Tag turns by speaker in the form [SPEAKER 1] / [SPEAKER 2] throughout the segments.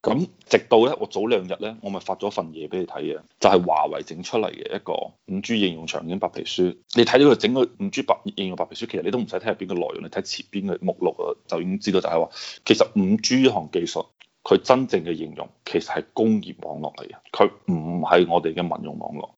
[SPEAKER 1] 咁直到咧，我早兩日咧，我咪發咗份嘢俾你睇嘅，就係華為整出嚟嘅一個五 G 應用場景白皮書。你睇到佢整個五 G 白應用白皮書，其實你都唔使睇入邊嘅內容，你睇前邊嘅目錄啊，就已經知道就係話，其實五 G 呢項技術，佢真正嘅應用其實係工業網絡嚟嘅，佢唔係我哋嘅民用網絡。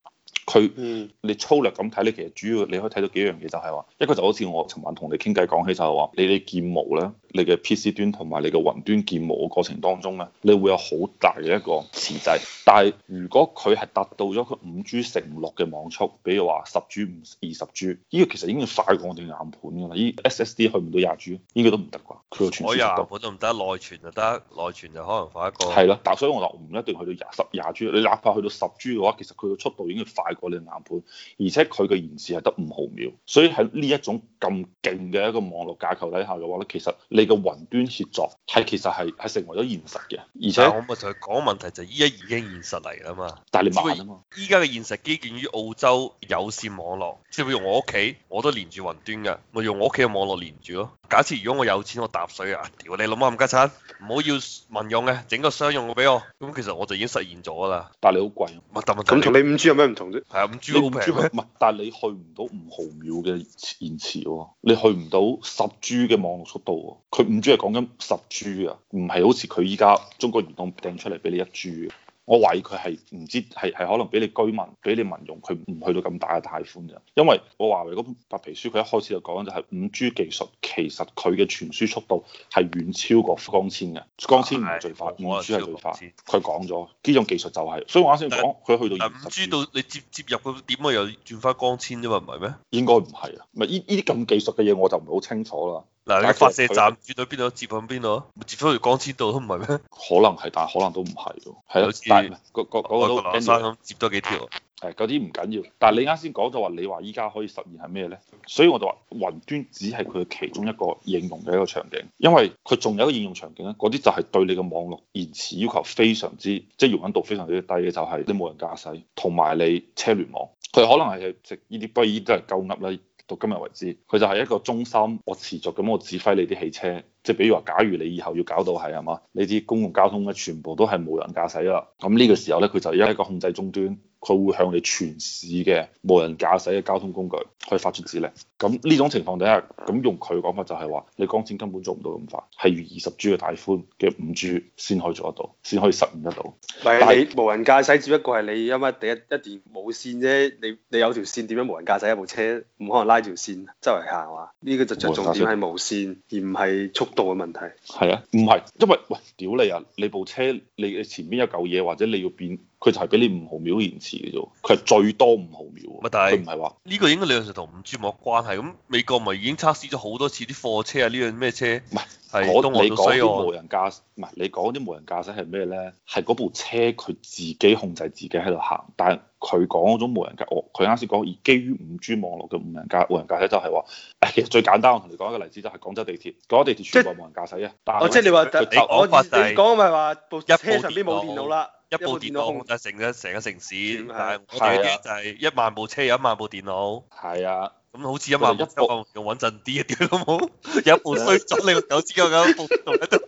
[SPEAKER 1] 佢，你粗略咁睇咧，其實主要你可以睇到幾樣嘢，就係話，一個就好似我尋晚同你傾偈講起就係話，你哋建模咧。你嘅 P C 端同埋你嘅雲端建模嘅過程當中咧，你會有好大嘅一個遲滯。但係如果佢係達到咗佢五 G 成六嘅網速，比如話十 G、五二十 G，呢個其實已經快過我哋硬盤㗎啦。而 S S D 去唔到廿 G，應該都唔得啩？佢嘅全？
[SPEAKER 2] 我都唔得，內存就得，內存就可能快一
[SPEAKER 1] 個。係咯，但所以我話唔一定去到廿十廿 G。你哪怕去到十 G 嘅話，其實佢嘅速度已經快過你硬盤，而且佢嘅延遲係得五毫秒。所以喺呢一種咁勁嘅一個網絡架構底下嘅話咧，其實你嘅雲端協作係其實係係成為咗現實嘅，而且我
[SPEAKER 2] 咪同佢講問題就係依家已經現實嚟啦嘛。但係你慢啊嘛，依家嘅現實基建於澳洲有線網絡，即係會用我屋企，我都連住雲端嘅，咪用我屋企嘅網絡連住咯。假設如果我有錢，我搭水啊！屌你諗下冚家鏟，唔好要民用嘅，整個商用嘅俾我。咁其實我就已經實現咗啦。
[SPEAKER 1] 但你好貴。咁同你五 G 有咩唔同啫？
[SPEAKER 2] 係啊，五 G 都好平。唔係，但係你去唔到五
[SPEAKER 1] 毫秒嘅延遲喎，啊，你去唔到十 G 嘅網絡速度喎。佢五 G 係講緊十 G 啊，唔係好似佢依家中國移動掟出嚟俾你一 G。我懷疑佢係唔知係係可能俾你居民俾你民用，佢唔去到咁大嘅帶寬㗎，因為我華為嗰本白皮書佢一開始就講就係五 G 技術，其實佢嘅傳輸速度係遠超過光纖嘅，光纖唔係最快，的五 G 係最快，佢講咗呢種技術就係、是，所以我啱先講佢去到。
[SPEAKER 2] 五 G 到你接接入佢點會又轉翻光纖啫嘛，唔係咩？
[SPEAKER 1] 應該唔係啊，係呢呢啲咁技術嘅嘢我就唔係好清楚
[SPEAKER 2] 啦。嗱，你發射站轉到邊度接返邊度？接咗去光纖道都唔係咩？可能係，但係可能都唔係喎。係咯，好似是是個個，個，個都咁、嗯、接多幾條。係，嗰啲唔緊
[SPEAKER 1] 要。但係你啱先講就話，你話依家可以實現係咩咧？所以我就話，雲端只係佢其中一個應用嘅一個場景，因為佢仲有一個應用場景咧，嗰啲就係對你嘅網絡延遲要求非常之，即、就、係、是、容忍度非常之低嘅，就係你無人駕駛同埋你車聯網。佢可能係食呢啲，不如都係鳩噏啦。到今日為止，佢就係一個中心。我持續咁，我指揮你啲汽車。即係比如話，假如你以後要搞到係係嘛，你啲公共交通咧全部都係無人駕駛啦，咁呢個時候咧佢就一個控制終端，佢會向你全市嘅無人駕駛嘅交通工具去發出指令。咁呢種情況底下，咁用佢講法就係話，你光纖根本做唔到咁快，係如二十 G 嘅大寬嘅五 G 先可以做得到，先可以實現得到。
[SPEAKER 2] 唔係是你無人駕駛只不過係你因乜地一電無線啫，你你有條線點樣無人駕駛一部車？唔可能拉條線周圍行啊嘛，呢、呢個就著重點係無線而唔係速。度嘅問題係啊，唔係因為喂，屌你啊！你部車
[SPEAKER 1] 你前面有嚿嘢，或者你要變，佢就係俾你五毫秒延遲嘅啫，佢係最多五毫
[SPEAKER 2] 秒。唔係，但係佢唔係話呢個應該兩樣嘢同五 G 冇關係。咁美國咪已經測試咗好多次啲貨車啊，呢樣咩車？唔係是，是我你講啲無人駕，唔係你講啲無人駕駛係咩
[SPEAKER 1] 咧？係嗰部車佢自己控制自己喺度行，但係。佢講嗰種無人駕，我佢啱先講以基於五 G 網絡嘅無人駕無人駕駛就係話，誒其實最簡單，我同你講一個例子，
[SPEAKER 2] 就係廣州地鐵，廣州地鐵全部無人
[SPEAKER 1] 駕駛啊！即係你話就你我你講咪話部一車上邊冇電腦啦，
[SPEAKER 2] 一部電腦就成個成個城市，但係我哋嘅就係一萬部車有一萬部電腦。係啊，咁好似一萬部車仲穩陣啲，點都冇有一部衰咗，你個狗屎咁架。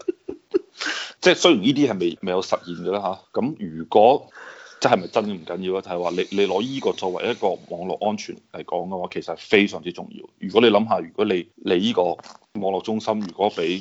[SPEAKER 2] 即
[SPEAKER 1] 係雖然呢啲係未未有實現㗎啦嚇，咁如果？即係咪真唔緊要啊，就係話你你攞呢個作為一個網絡安全嚟講嘅話，其實係非常之重要。如果你諗下，如果你你呢個網絡中心如果俾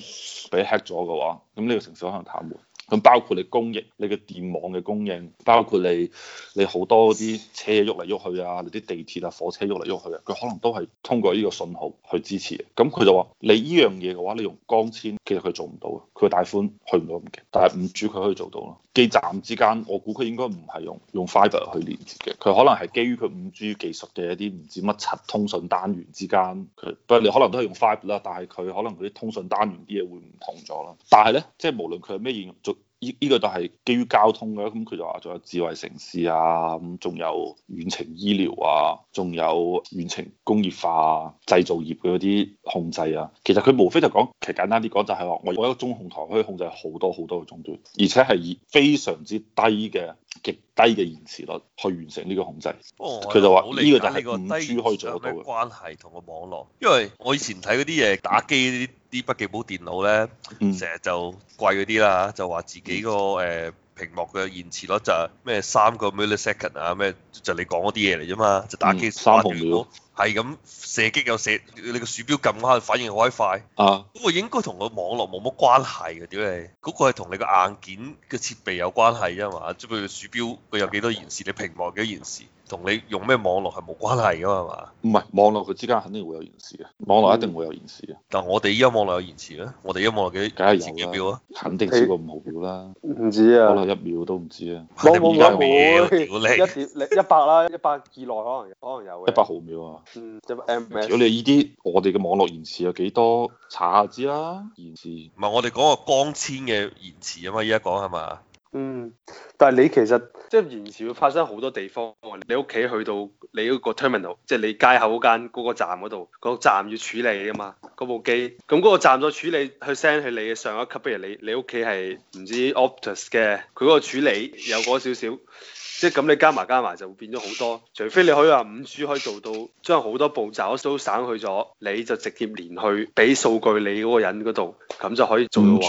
[SPEAKER 1] 俾 hack 咗嘅話，咁呢個城市可能癱瘓。咁包括你供應你嘅電網嘅供應，包括你你好多啲車喐嚟喐去啊，你啲地鐵啊、火車喐嚟喐去啊，佢可能都係通過呢個信號去支持。咁佢就話：你呢樣嘢嘅話，你用光纖其實佢做唔到嘅，佢嘅帶寬去唔到咁勁，但係五 G 佢可以做到咯。基站之間，我估佢應該唔係用用 fiber 去連接嘅，佢可能係基於佢五 G 技術嘅一啲唔知乜七通訊單元之間。佢不過，你可能都係用 fiber 啦，但係佢可能嗰啲通訊單元啲嘢會唔同咗啦。但係咧，即係無論佢係咩應用呢呢個就係基於交通嘅，咁佢就話仲有智慧城市啊，咁仲有遠程醫療啊，仲有遠程工業化、啊、製造業嘅嗰啲控制啊。其實佢無非就講，其實簡單啲講就係話，我我一個中控台可以控制好多好多嘅終端，而且係非常之低嘅，極低嘅延遲率去完成呢個控制，
[SPEAKER 2] 哦，佢就話呢個就係五 G 可以做得到嘅關係同個網絡，因為我以前睇嗰啲嘢打機，啲啲筆記簿電腦咧，成日就貴嗰啲啦就話自己個誒。屏幕嘅延遲咯，就係咩三個 millisecond 啊，咩就你講嗰啲嘢嚟啫嘛，就打機三毫秒，係咁、嗯、射擊。又射，你個鼠標，撳下反應好閪快啊，咁我、嗯、應該同個網絡冇乜關係嘅。屌、那個、你，嗰個係同你個硬件嘅設備有關係啫嘛，即係譬如鼠標，佢有幾多延時，你屏幕幾多延時。同你用咩網絡係冇關係噶嘛？唔係網絡佢之間肯定會有延遲嘅，網絡一定會有延遲嘅。但係我哋依家網絡有延遲啊。我哋依家網絡幾幾毫秒啊？肯定超過五毫秒啦。唔知啊，可能一秒都唔知啊。我我而家秒一百啦，一百以內可能可能有。一百毫秒啊，嗯，一百 ms。如果你
[SPEAKER 1] 依啲我哋嘅網絡延遲有幾多？
[SPEAKER 2] 查下知啦。延遲。唔係我哋講個光纖嘅延遲啊嘛，依家講係嘛？嗯，但係你其實即係延遲會發生好多地方。你屋企去到你嗰個 terminal，即係你街口嗰間嗰個站嗰度，嗰個站要處理噶嘛，嗰部機。咁、嗰、嗰個站再處理去 send 去你嘅上一級，譬如你你屋企係唔知 Optus 嘅，佢嗰個處理有嗰少少。即係咁你加埋加埋就會變咗好多，除非你可以話五 G 可以做到將好多步驟都省去咗，你就直接連去俾數據你嗰個人嗰度，咁就可以做到好低。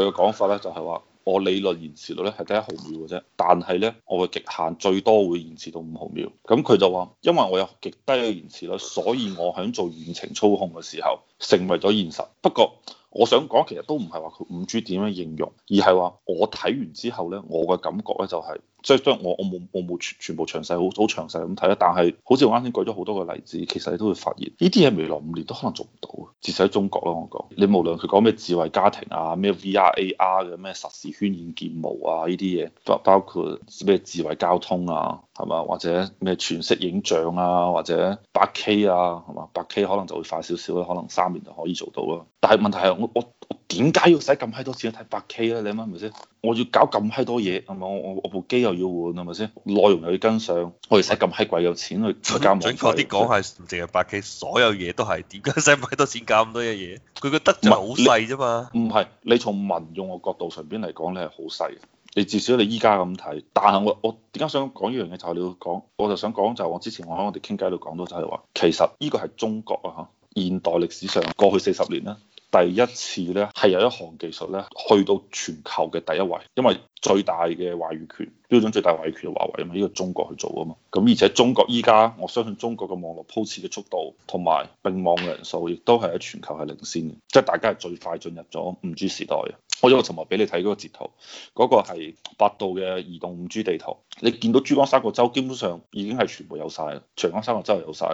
[SPEAKER 2] 佢嘅講法咧就係話，我理論延
[SPEAKER 1] 遲率咧係得一毫秒嘅啫，但係咧我嘅極限最多會延遲到五毫秒。咁佢就話，因為我有極低嘅延遲率，所以我喺做遠程操控嘅時候成為咗現實。不過我想講，其實都唔係話佢五 G 點樣應用，而係話我睇完之後咧，我嘅感覺咧就係……即係，我我冇我冇全全部詳細好好詳細咁睇啦。但係，好似我啱先舉咗好多個例子，其實你都會發現，呢啲嘢未來五年都可能做唔到。至少喺中國啦，我講你無論佢講咩智慧家庭啊、咩 VR AR 嘅咩實時渲染建模啊，呢啲嘢包包括咩智慧交通啊，係嘛，或者咩全息影像啊，或者八 K 啊，係嘛，八 K 可能就會快少少啦，可能三年就可以做到啦。但係問題係我我。點解要使咁閪多錢睇八 K 咧？你阿媽咪先？我要搞咁閪多嘢，係咪？我我我部機又要換，係咪先？內容又要跟上，我哋使咁閪貴嘅錢去加。準確啲講係
[SPEAKER 2] 淨係八 K，所有嘢都係點解使咁閪多錢搞咁多嘢？嘢
[SPEAKER 1] 佢覺得就係好細啫嘛。唔係你，你從民用嘅角度上邊嚟講咧係好細嘅。你至少你依家咁睇，但係我我點解想講呢樣嘢就係、是、你要講，我就想講就我之前我喺我哋傾偈度講到就係、是、話，其實呢個係中國啊嚇，現代歷史上過去四十年咧。第一次咧係有一項技術咧去到全球嘅第一位，因為最大嘅話語權，標準最大話語權係華為啊嘛，呢個中國去做啊嘛，咁而且中國依家我相信中國嘅網絡鋪設嘅速度同埋並網嘅人數，亦都係喺全球係領先嘅，即係大家係最快進入咗 5G 時代啊！我咗個尋日俾你睇嗰個截圖，嗰、那個係百度嘅移動五 G 地圖，你見到珠江三角洲基本上已經係全部有晒啦，長江三角洲有晒，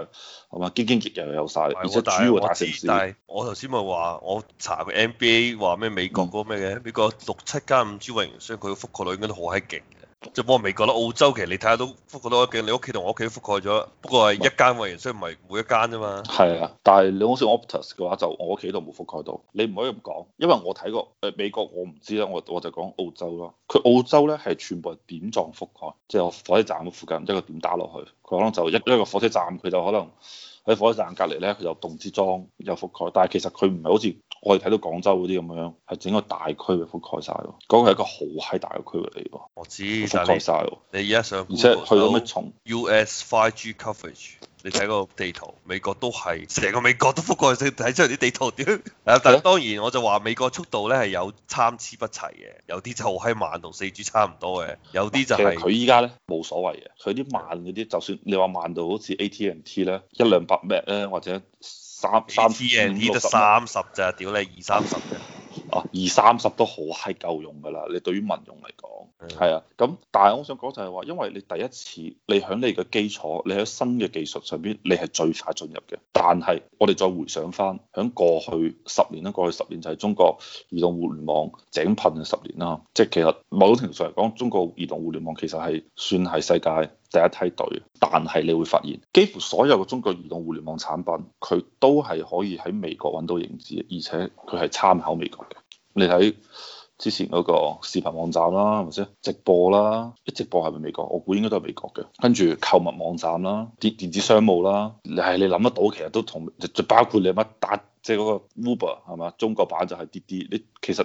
[SPEAKER 1] 係嘛，京津冀又有晒，而且主要大城市。但係
[SPEAKER 2] 我頭先咪話，我查個 NBA 話咩美國嗰咩嘅，嗯、美國六七間五 G 運營商，佢嘅覆蓋率應該都好閪勁。就不過美國啦、澳洲，其實你睇下都覆蓋到一嘅。你屋企同我屋企覆蓋咗，不過係一間喎，是雖然唔係每一間啫嘛。係
[SPEAKER 1] 啊，但係你好似 Optus 嘅話，就我屋企都冇覆蓋到。你
[SPEAKER 2] 唔可以咁講，因為我睇過誒，美國我唔知啦，我我就講澳洲咯。
[SPEAKER 1] 佢澳洲咧，係全部係點狀覆蓋，即係火車站嘅附近即一個點打落去，佢可能就一一個火車站，佢就可能喺火車站隔離咧，佢就動之裝又覆蓋。但係其實佢唔係好似。我哋睇到廣州嗰啲咁樣，係整個大區域覆蓋晒咯。嗰、嗰個係一個好閪大嘅區域嚟嘅。我知，覆蓋，覆蓋
[SPEAKER 2] 你而家想，而且去到咩重？US 5G coverage，你睇個地圖，美國都係成個美國都覆蓋晒。睇出嚟啲地圖點？ 但當然我就話美國速度咧係有參差不齊嘅，有啲就好慢，同四 G 差唔多嘅。有啲就係其實佢依
[SPEAKER 1] 家咧冇所謂嘅，佢啲慢嗰啲就算你話慢到好似 AT&T 咧，一兩百 m b、ah, 或者。三三，六十，三十咋，屌你二三十嘅，啊二三十都好閪夠用㗎啦，你對於民用嚟講，係啊的，咁但係我想講就係話，因為你第一次，你響你嘅基礎，你喺新嘅技術上邊，你係最快進入嘅。但係我哋再回想翻，響過去十年啦，過去十年就係中國移動互聯網井噴嘅十年啦，即係其實某種程度上嚟講，中國移動互聯網其實係算係世界，第一梯隊，但係你會發現，幾乎所有嘅中國移動互聯網產品，佢都係可以喺美國揾到影子，而且佢係參考美國嘅。你睇之前嗰個視頻網站啦，係咪先？直播啦，一直播係咪美國？我估應該都係美國嘅。跟住購物網站啦，啲電子商務啦，你諗得到，其實都同包括你乜打，即係嗰個 Uber 係嘛？中國版就係滴滴。你其實。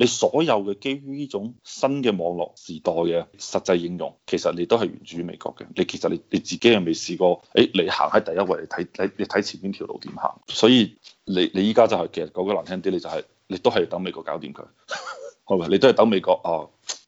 [SPEAKER 1] 你所有嘅基於呢種新嘅網絡時代嘅實際應用，其實你都係源自於美國嘅。你其實你你自己又未試過，誒、欸，你行喺第一位睇睇你睇前邊條路點行，所以你你依家就係、是、其實講句難聽啲，你就係、是、你都係等美國搞掂佢，係 你都係等美國啊，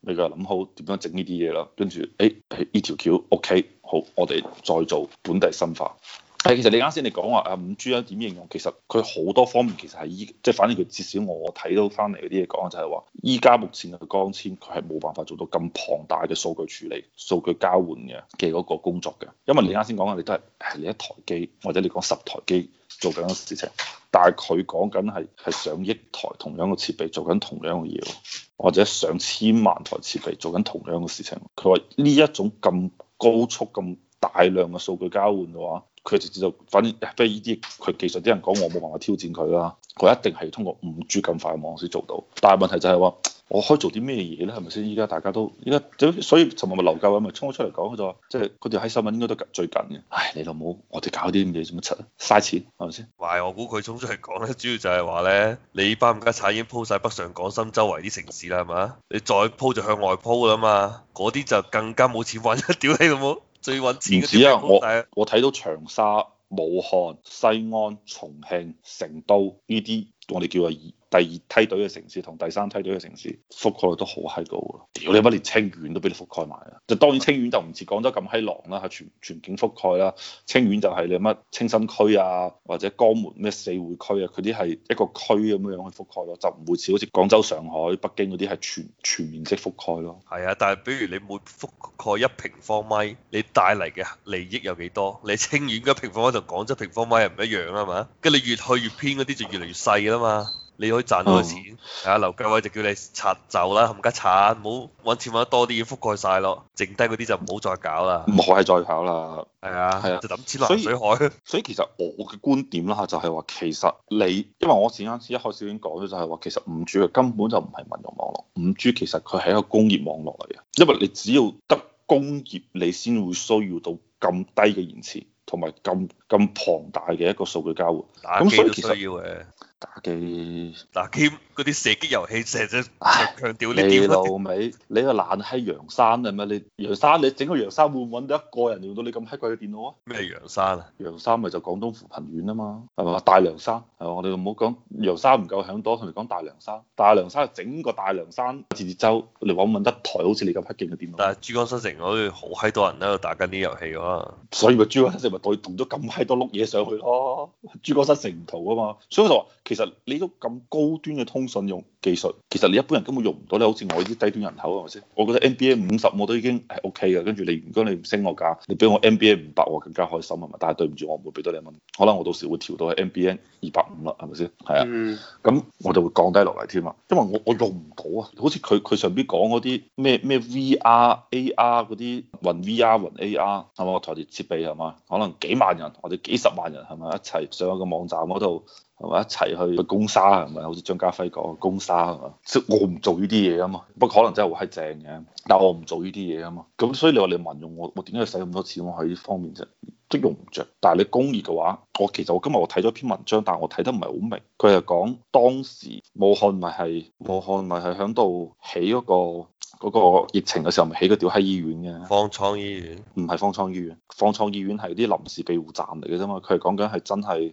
[SPEAKER 1] 美國諗好點樣整呢啲嘢啦，跟住誒呢條橋 OK 好，我哋再做本地深化。係、啊，其實你啱先你講話，誒 5G 點應用，其實佢好多方面其實係依即係，反正佢至少我睇到翻嚟嗰啲嘢講就係話，依家目前嘅光纖佢係冇辦法做到咁龐大嘅數據處理、數據交換嘅嘅嗰個工作嘅，因為你啱先講嘅，你都係係你一台機或者你講十台機做緊嘅事情，但係佢講緊係係上億台同樣嘅設備做緊同樣嘅嘢，或者上千萬台設備做緊同樣嘅事情。佢話呢一種咁高速、咁大量嘅數據交換嘅話，佢直接就，反正非呢啲佢技術，啲人講我冇辦法挑戰佢啦，佢一定係通過五 G 咁快嘅網先做到。但係問題就係話，我可以做啲咩嘢咧？係咪先？依家大家都依家，所以尋日咪劉教授咪衝出嚟講，就話即係佢哋喺新聞應該都最近嘅。唉，你老母，我哋搞啲咁嘅嘢做乜柒？嘥錢係咪先？
[SPEAKER 2] 同我估佢衝出嚟講咧，主要就係話咧，你依班唔家產已經鋪晒北上廣深周圍啲城市啦，係嘛？你再鋪就向外鋪㗎啦嘛，嗰啲就更加冇錢揾，屌你老母！最揾錢嗰啲，啊，而家我我睇到長沙、武漢、西安、重慶、成都呢啲，
[SPEAKER 1] 我哋叫啊。第二梯隊嘅城市同第三梯隊嘅城市覆蓋都好閪高咯，屌你乜連清遠都俾你覆蓋埋啊！就當然清遠就唔似廣州咁閪狼啦，係全全景覆蓋啦。清遠就係你乜清新區啊，或者江門咩四會區啊，佢啲係一個區咁樣樣去覆蓋咯，就唔會似好似廣州、上海、北京嗰啲係全全面式覆蓋
[SPEAKER 2] 咯。係啊，但係比如你每覆蓋一平方米，你帶嚟嘅利益有幾多？你清遠嘅平方米同廣州平方米係唔一樣啊嘛，跟住你越去越偏嗰啲就越嚟越細啦嘛。你可以賺到錢，係啊、嗯！劉家偉就叫你拆就啦，冚家鏟，唔好揾錢揾得多啲，要覆蓋晒咯，剩低嗰啲就唔好再搞啦，
[SPEAKER 1] 唔好係再搞啦，係啊的，係啊，就諗錢流水海。所以其實我嘅觀點啦，就係話其實你，因為我前啱先一開始已經講咗，就係話其實五 G 根本就唔係民用網絡，五 G 其實佢係一個工業網絡嚟嘅，因為你只要得工業，你先會需要到咁低嘅延遲，同埋咁咁龐大嘅一個數據交換。打機都要需要
[SPEAKER 2] 誒。打機打機嗰啲射擊遊戲射啫，整整整強調你電腦咪你，你
[SPEAKER 1] 個爛閪陽山係咪？你陽山你整個陽山會揾到一個人用到你咁閪貴嘅電腦啊？咩陽山啊？陽山咪就廣東扶貧縣啊嘛，係嘛？大涼山係我哋唔好講陽山唔夠閪多，同你講大涼山，大涼山整個大涼山自治州，你揾唔揾得台好似你咁閪勁嘅電腦？
[SPEAKER 2] 但係珠江新城嗰啲好閪多人喺度打緊啲遊戲啊嘛，
[SPEAKER 1] 所以咪珠江新
[SPEAKER 2] 城咪堆棟咗咁閪多碌嘢上去咯，珠江新城唔同啊嘛，所以就話。其實
[SPEAKER 1] 你都咁高端嘅通信用技術，其實你一般人根本用唔到咧，好似我呢啲低端人口係咪先？我覺得 NBA 五十我都已經係 OK 嘅，跟住你如果你唔升我價，你俾我 NBA 五百我更加開心係嘛！但係對唔住，我唔會俾多你一蚊，可能我到時會調到去 NBA 二百五啦，係咪先？係啊，咁我就會降低落嚟添啊，因為我我用唔到啊，好似佢佢上邊講嗰啲咩咩 VR AR 嗰啲雲 VR 雲 AR 係咪個台列設備係嘛？可能幾萬人，或者幾十萬人係咪一齊上一個網站嗰度？係咪一齊去攻沙？係咪好似張家輝講攻沙？係咪即我唔做呢啲嘢啊嘛？不過可能真係好閪正嘅，但係我唔做呢啲嘢啊嘛。咁所以你話你民用我，我點解要使咁多錢我喺呢方面啫？都用唔着。但係你工業嘅話，我其實我今日我睇咗篇文章，但我睇得唔係好明。佢係講當時武漢咪係武漢咪係響度起嗰個嗰個疫情嘅時候咪起個屌閪醫院嘅方艙醫院？唔係方艙醫院，方艙醫院係啲臨時庇護站嚟嘅啫嘛。佢係講緊係真係。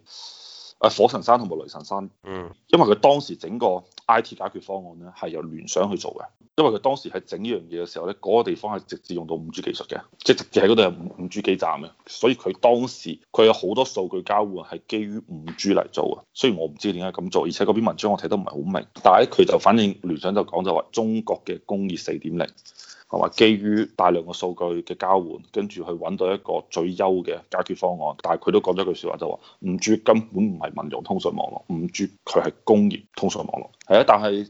[SPEAKER 1] 啊！火神山同埋雷神山，嗯，因為佢當時整個 I T 解決方案咧係由聯想去做嘅，因為佢當時係整呢樣嘢嘅時候咧，嗰個地方係直接用到五 G 技術嘅，即係直接喺嗰度有五 G 基站嘅，所以佢當時佢有好多數據交換係基於五 G 嚟做嘅，雖然我唔知點解咁做，而且嗰篇文章我睇得唔係好明，但係佢就反映聯想就講就話中國嘅工業四點零。係話基於大量嘅數據嘅交換，跟住去揾到一個最優嘅解決方案。但係佢都講咗一句説話，就話 5G 根本唔係民用通訊網絡，5G 佢係工業通訊網絡。係啊，但係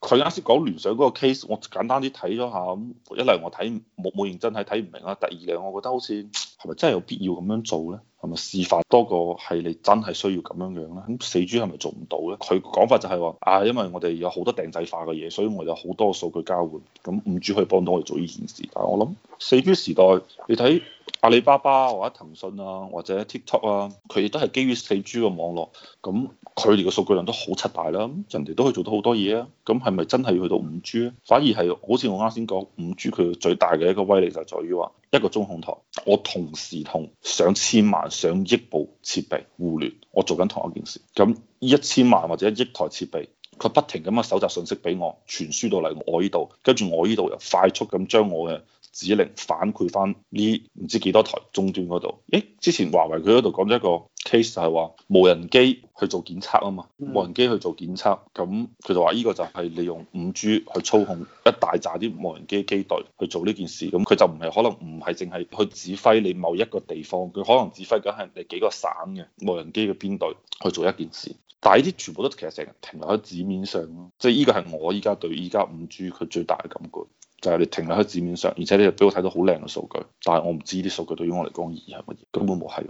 [SPEAKER 1] 佢啱先講聯想嗰個 case，我簡單啲睇咗下，一嚟我睇冇冇認真係睇唔明啊。第二嚟，我覺得好似係咪真係有必要咁樣做呢？咁示範多個系列真係需要咁樣樣咧，咁四 G 係咪做唔到咧？佢講法就係、是、話啊，因為我哋有好多定制化嘅嘢，所以我哋有好多數據交換，咁五 G 可以幫到我哋做呢件事。但係我諗四 G 時代，你睇，阿里巴巴或者騰訊啊，或者 TikTok 啊，佢都係基於四 G 嘅網絡，咁佢哋嘅數據量都好七大啦，咁人哋都可以做到好多嘢啊，咁係咪真係要去到五 G 咧？反而係好似我啱先講，五 G 佢最大嘅一個威力就係在於話一個中控台，我同時同上千萬、上億部設備互聯，我做緊同一件事，咁一千萬或者一億台設備，佢不停咁樣搜集信息俾我，傳輸到嚟我呢度，跟住我呢度又快速咁將我嘅指令反饋翻呢唔知幾多台終端嗰度。誒，之前華為佢嗰度講咗一個 case 就係話無人機去做檢測啊嘛，無人機去做檢測，咁佢、嗯、就話呢個就係利用五 G 去操控一大扎啲無人機機隊去做呢件事，咁佢就唔係可能唔係淨係去指揮你某一個地方，佢可能指揮緊係你幾個省嘅無人機嘅編隊去做一件事，但係呢啲全部都其實成日停留喺紙面上咯，即係呢個係我依家對依家五 G 佢最大嘅感覺。就係你停留喺字面上，而且你又俾我睇到好靚嘅數據，但係我唔知啲數據對於我嚟講意義係乜嘢，根本冇係。